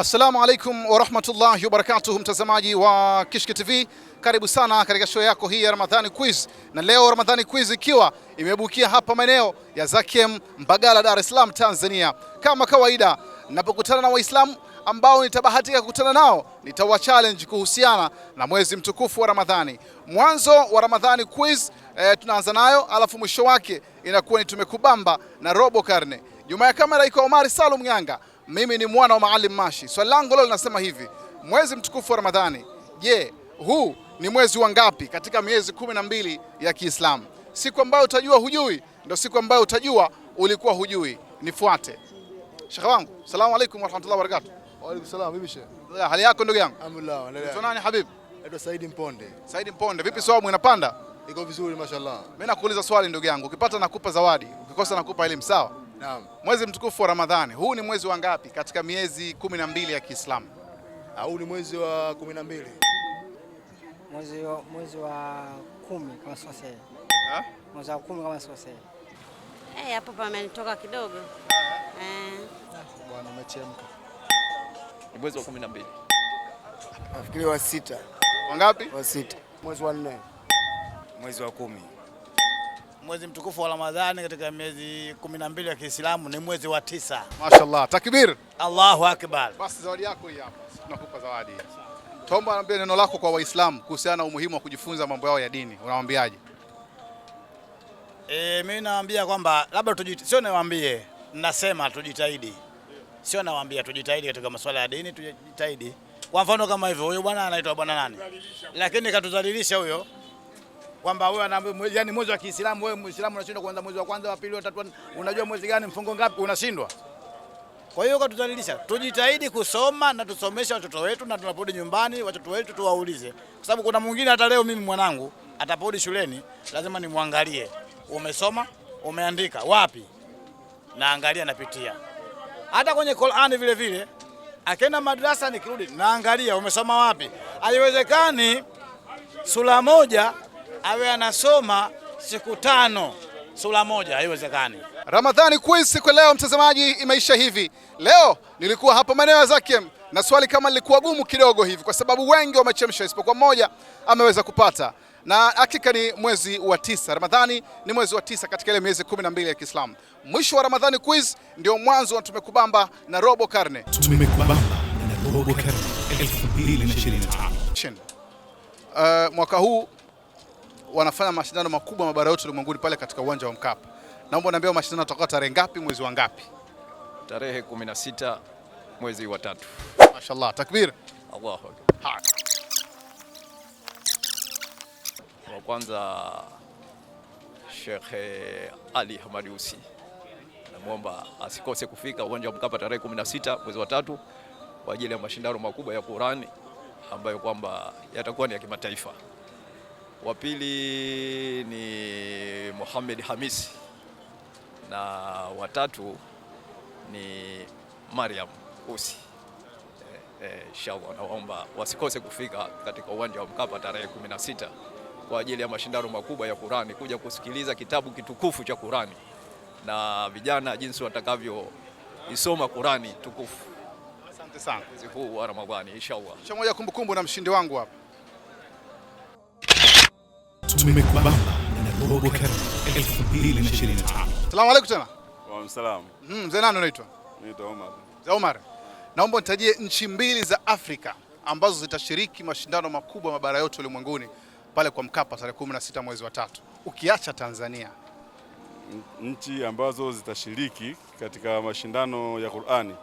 Assalamu alaikum warahmatullahi wabarakatuh, mtazamaji wa Kishki TV, karibu sana katika show yako hii ya Ramadhani Quiz, na leo Ramadhani Quiz ikiwa imebukia hapa maeneo ya Zakem Mbagala, Dar es Salaam, Tanzania. Kama kawaida, napokutana na Waislamu ambao nitabahatika kukutana nao, nitawa challenge kuhusiana na mwezi mtukufu wa Ramadhani. Mwanzo wa Ramadhani Quiz e, tunaanza nayo, alafu mwisho wake inakuwa ni tumekubamba na robo karne. Nyuma ya kamera iko Omari Salum Ng'anga mimi ni mwana wa Maalim Mashi. Swali langu leo linasema hivi, mwezi mtukufu wa Ramadhani, je, huu ni mwezi wa ngapi katika miezi kumi na mbili ya Kiislamu? Siku ambayo utajua hujui ndio siku ambayo utajua ulikuwa hujui. Nifuate shekhe wangu. Salamu alaykum warahmatullahi wabarakatuh. Wa alaykum salaam. Bibi shekhe, eh, hali yako ndugu yangu? Alhamdulillah. Tuna nani habibi? Naitwa Saidi Mponde. Saidi Mponde, vipi somo inapanda? Iko vizuri mashaallah. Mimi nakuuliza swali ndugu yangu, ukipata nakupa zawadi, ukikosa nakupa elimu, sawa? Naam. Mwezi mtukufu wa Ramadhani huu ni mwezi wa ngapi katika miezi kumi na mbili ya Kiislamu? Ah, huu ni mwezi wa kumi na mbili. Mwezi wa mwezi wa kumi kama sikosei. Ha? Mwezi wa kumi kama sikosei. Eh, hapo pamenitoka kidogo. Eh. Bwana umechemka. Ni mwezi wa kumi na mbili. Nafikiri wa sita. Wangapi? Wa sita. Mwezi wa nne. Mwezi wa kumi mwezi mtukufu wa Ramadhani katika miezi kumi na mbili ya Kiislamu ni mwezi wa tisa. Mashaallah, takbir, Allahu akbar. Basi zawadi yako hii hapa, tunakupa zawadi. Tomba anambia neno lako kwa Waislamu kuhusiana na umuhimu wa kujifunza mambo yao ya dini, unawaambiaje? Eh, mimi naambia kwamba labda tujit... sio niwaambie, nasema tujitahidi, sio nawaambia, tujitahidi katika masuala ya dini, tujitahidi. Kwa mfano kama hivyo, huyo bwana anaitwa bwana nani, lakini katudhalilisha huyo kwamba wewe yani mwezi wa Kiislamu wewe Muislamu unashindwa kuanza mwezi wa kwanza, wa pili, wa tatu, unajua mwezi gani mfungo ngapi, unashindwa. Kwa hiyo katudhalilisha. Tujitahidi kusoma na tusomeshe watoto wetu, na tunaporudi nyumbani watoto wetu tuwaulize, kwa sababu kuna mwingine hata leo mimi mwanangu ataporudi shuleni lazima nimwangalie, umesoma umeandika wapi? Naangalia, napitia hata kwenye Qur'ani vile vile. akenda madrasa, nikirudi naangalia umesoma wapi. Haiwezekani sura moja awe anasoma siku tano sura moja, haiwezekani. Ramadhani Quiz siku ya leo mtazamaji, imeisha hivi. Leo nilikuwa hapa maeneo ya Zakem na swali kama lilikuwa gumu kidogo hivi, kwa sababu wengi wamechemsha isipokuwa mmoja ameweza kupata, na hakika ni mwezi wa tisa. Ramadhani ni mwezi wa tisa katika ile miezi kumi na mbili ya Kiislamu. Mwisho wa Ramadhani Quiz ndio mwanzo wa Tumekubamba na robo karne. Tumekubamba na robo karne 2025 uh, mwaka huu wanafanya mashindano makubwa mabara yote ulimwenguni pale katika uwanja wa Mkapa. Naomba niambie mashindano yatakuwa tarehe ngapi mwezi wa ngapi? Tarehe 16 mwezi wa tatu. Mashallah, takbir. Allahu akbar. Wa kwanza Sheikh eh, Ali Hamadi Usi namwomba asikose kufika uwanja wa Mkapa tarehe 16 mwezi wa tatu kwa ajili ya mashindano makubwa ya Qurani ambayo kwamba yatakuwa ni ya kimataifa wa pili ni Mohamed Hamisi na watatu ni Mariam Usi. Eh, eh, inshallah, e, e, naomba wasikose kufika katika uwanja wa Mkapa tarehe 16 kwa ajili ya mashindano makubwa ya Qurani, kuja kusikiliza kitabu kitukufu cha Qurani na vijana jinsi watakavyoisoma Qurani tukufu. Asante sana. Mwezi huu wa Ramadhani inshallah. Shamoja kumbukumbu na mshindi wangu hapa. Tumekubana na Robo 2025. Salamu alaykum tena. Wa Mm, mzee nani unaitwa? Naitwa Omar. Za Omar. Naomba nitajie nchi mbili za Afrika ambazo zitashiriki mashindano makubwa mabara yote ulimwenguni pale kwa Mkapa tarehe 16 mwezi wa tatu, ukiacha Tanzania. Nchi ambazo zitashiriki katika mashindano ya Qur'ani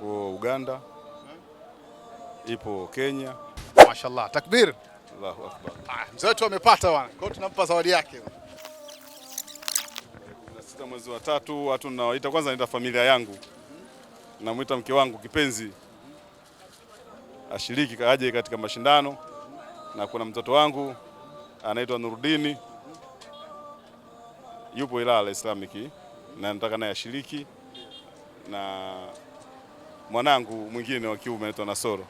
kwa Uganda, hmm. ipo Kenya. Mashallah, takbir. Allahu akbar. Ah, mzee wetu amepata bwana. Kwa hiyo tunampa zawadi yake. Sita mwezi wa tatu watu nawaita, kwanza naita familia yangu, namwita mke wangu kipenzi ashiriki aje katika mashindano, na kuna mtoto wangu anaitwa Nurudini yupo Ilala Islamiki na nataka naye ashiriki, na mwanangu mwingine wa kiume anaitwa Nasoro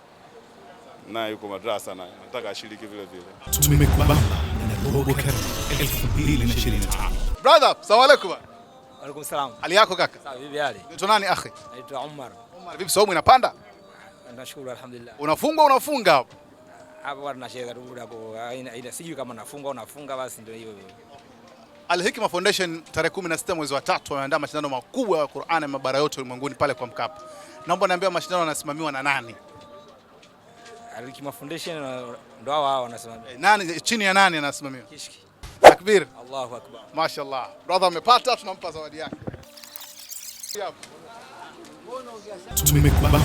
naye yuko madrasa na nataka ashiriki vile vile. Tumekubana na Robo Cup 2025. Brother, salamu alaykum. Alaykum salam. Hali yako kaka? Sawa, vipi hali? Unaitwa nani akhi? Naitwa Umar. Umar, vipi saumu inapanda? Nashukuru alhamdulillah. Unafunga unafunga hapo? Hapo watu nacheza tu bila sijui kama nafunga au nafunga basi ndio hiyo. Al Hikma Foundation tarehe 16 mwezi wa tatu wameandaa mashindano makubwa ya Qur'an ya mabara yote ulimwenguni pale kwa Mkapa. Naomba niambie mashindano yanasimamiwa na nani? Alikima Foundation ndo hao wanasimamia. Eh, nani chini ya nani anasimamia? Kishki. Takbir. Allahu Akbar. Mashaallah. Brother amepata, tunampa zawadi yake. Tumekubali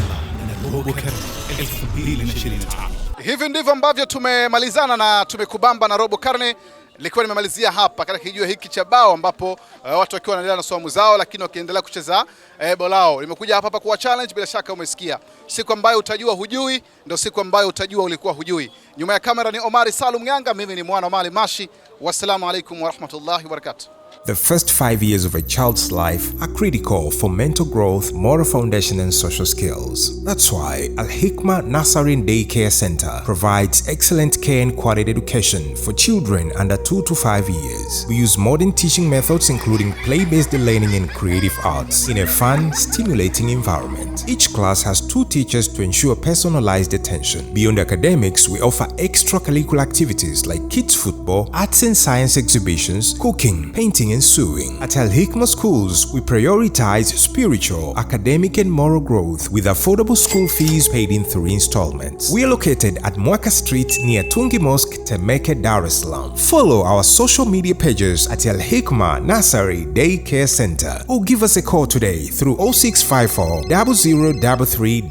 na Global Karne 2025. Hivi ndivyo ambavyo tumemalizana na tumekubamba na robo karne Nilikuwa nimemalizia hapa katika kijua hiki cha bao ambapo uh, watu wakiwa wanaendelea na somo zao, lakini wakiendelea kucheza eh, bolao. Nimekuja hapa hapa kwa challenge, bila shaka umesikia. Siku ambayo utajua hujui ndio siku ambayo utajua ulikuwa hujui. Nyuma ya kamera ni Omari Salum Nyanga, mimi ni mwana Mali Mashi. Wassalamu alaikum warahmatullahi wabarakatuh. The first five years of a child's life are critical for mental growth, moral foundation, and social skills. That's why Al Hikmah Nasarin Daycare Center provides excellent care and quality education for children under 2 to 5 years. We use modern teaching methods including play based learning and creative arts in a fun, stimulating environment. Each class has two teachers to ensure personalized attention. Beyond academics, we offer extracurricular activities like kids' football, arts and science exhibitions, cooking, painting ensuing. At Al Hikma Schools, we prioritize spiritual, academic, and moral growth with affordable school fees paid in three installments. We are located at Mwaka Street near Tungi Mosque, Temeke, Dar es Salaam. Follow our social media pages at Al Hikma Nasari Daycare Center or give us a call today through 0654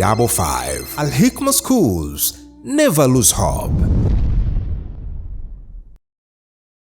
Al Hikma Schools, never lose hope.